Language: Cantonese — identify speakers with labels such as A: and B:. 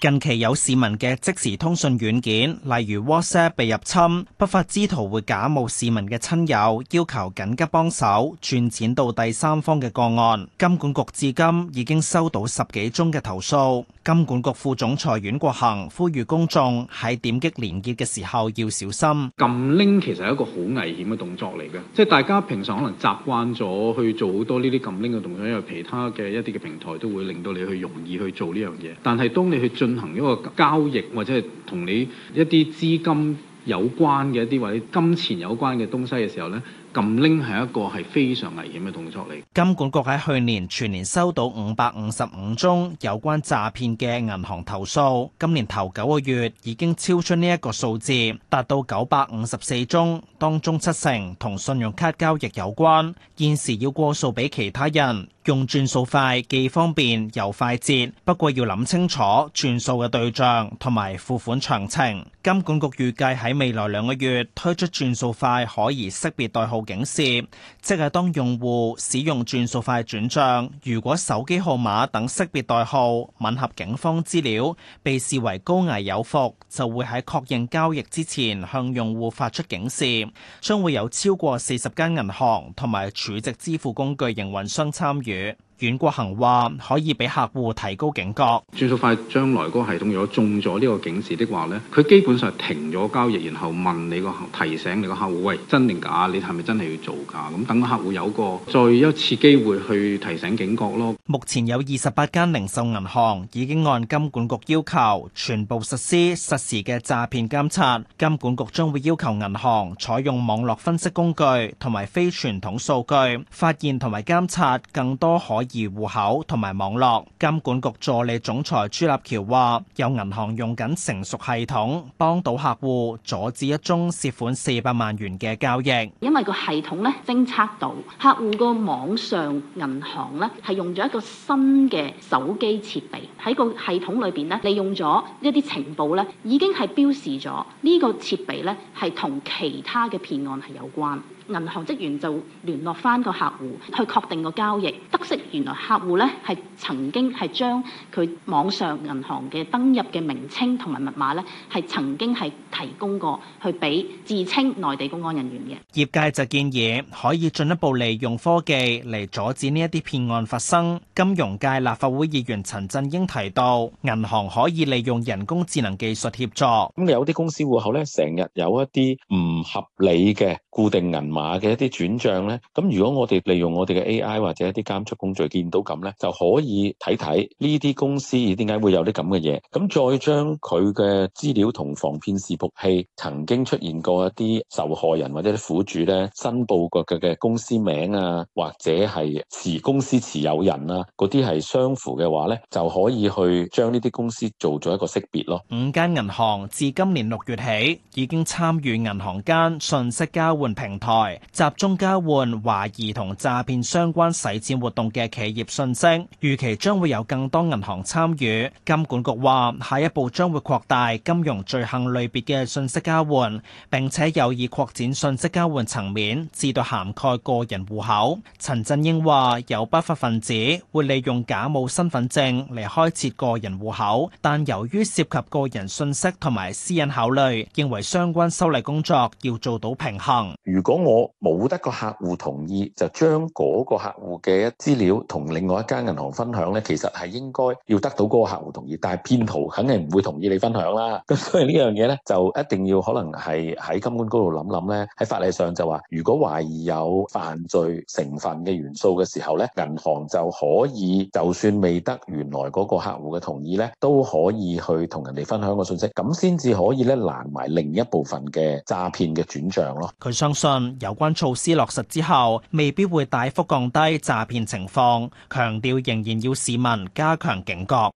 A: 近期有市民嘅即時通訊軟件，例如 WhatsApp 被入侵，不法之徒會假冒市民嘅親友，要求緊急幫手轉錢到第三方嘅個案。金管局至今已經收到十幾宗嘅投訴。金管局副總裁阮國恆呼籲公眾喺點擊連結嘅時候要小心。撳 link 其實係一個好危險嘅動作嚟嘅，即係大家平常可能習
B: 慣咗去做好多呢啲撳 link 嘅動作，因為其他嘅一啲嘅平台都會令到你去容易去做呢樣嘢。但係當你去進行一個交易，或者係同你一啲資金有關嘅一啲或者金錢有關嘅東西嘅時候咧。撳拎係一個係非常危險嘅動作嚟。
A: 金管局喺去年全年收到五百五十五宗有關詐騙嘅銀行投訴，今年頭九個月已經超出呢一個數字，達到九百五十四宗，當中七成同信用卡交易有關，現時要過數俾其他人用轉數快，既方便又快捷，不過要諗清楚轉數嘅對象同埋付款詳情。金管局預計喺未來兩個月推出轉數快可疑識別代號警示，即係當用戶使用轉數快轉賬，如果手機號碼等識別代號吻合警方資料，被視為高危有伏，就會喺確認交易之前向用戶發出警示。將會有超過四十間銀行同埋儲值支付工具營運商參與。阮國恆話：可以俾客戶提高警覺。
B: 轉數快將來個系統如果中咗呢個警示的話咧，佢基本上停咗交易，然後問你個提醒你個客戶，喂，真定假？你係咪真係要做㗎？咁等客戶有個再一次機會去
A: 提醒警覺咯。目前有二十八間零售銀行已經按金管局要求，全部實施實時嘅詐騙監察。金管局將會要求銀行採用網絡分析工具同埋非傳統數據發現同埋監察更多可。移戶口同埋網絡，金管局助理總裁朱立橋話：有銀行用緊成熟系統，幫到客戶阻止一宗涉款四百萬元嘅交易。
C: 因為個系統咧偵測到客戶個網上銀行咧係用咗一個新嘅手機設備，喺個系統裏邊咧利用咗一啲情報咧，已經係標示咗呢個設備咧係同其他嘅騙案係有關。銀行職員就聯絡翻個客戶去確定個交易得悉。原來客戶咧係曾經係將佢網上銀行嘅登入嘅名稱同埋密碼咧，係曾經係提供過去俾自稱內地公安人員嘅。
A: 業界就建議可以進一步利用科技嚟阻止呢一啲騙案發生。金融界立法會議員陳振英提到，銀行可以利
D: 用人工智能技術協助。咁有啲公司戶口咧，成日有一啲唔合理嘅固定銀碼嘅一啲轉帳咧。咁如果我哋利用我哋嘅 AI 或者一啲監測工具。見到咁咧，就可以睇睇呢啲公司點解會有啲咁嘅嘢。咁再將佢嘅資料同防騙視伏器曾經出現過一啲受害人或者啲苦主咧，申報過佢嘅公司名啊，或者係持公司持有人啊，嗰啲係相符嘅話咧，就可以去將呢啲公司做咗一個識別咯。
A: 五間銀行自今年六月起已經參與銀行間訊息交換平台，集中交換懷疑同詐騙相關洗錢活動嘅企業信息預期將會有更多銀行參與。金管局話，下一步將會擴大金融罪行類別嘅信息交換，並且有意擴展信息交換層面，至到涵蓋個人戶口。陳振英話，有不法分子會利用假冒身份證嚟開設個人戶口，但由於涉及個人信息同埋私隱考慮，認為相關修例工作要做到平衡。
D: 如果我冇得個客戶同意，就將嗰個客戶嘅資料。同另外一間銀行分享咧，其實係應該要得到嗰個客戶同意，但係騙徒肯定唔會同意你分享啦。咁所以呢樣嘢咧，就一定要可能係喺金管局度諗諗咧。喺法例上就話，如果懷疑有犯罪成分嘅元素嘅時候咧，銀行就可以就算未得原來嗰個客戶嘅同意咧，都可以去同人哋分享個信息，咁先至可以咧攔埋另一部分嘅詐騙嘅轉帳咯。
A: 佢相信有關措施落實之後，未必會大幅降低詐騙情況。強調仍然要市民加強警覺。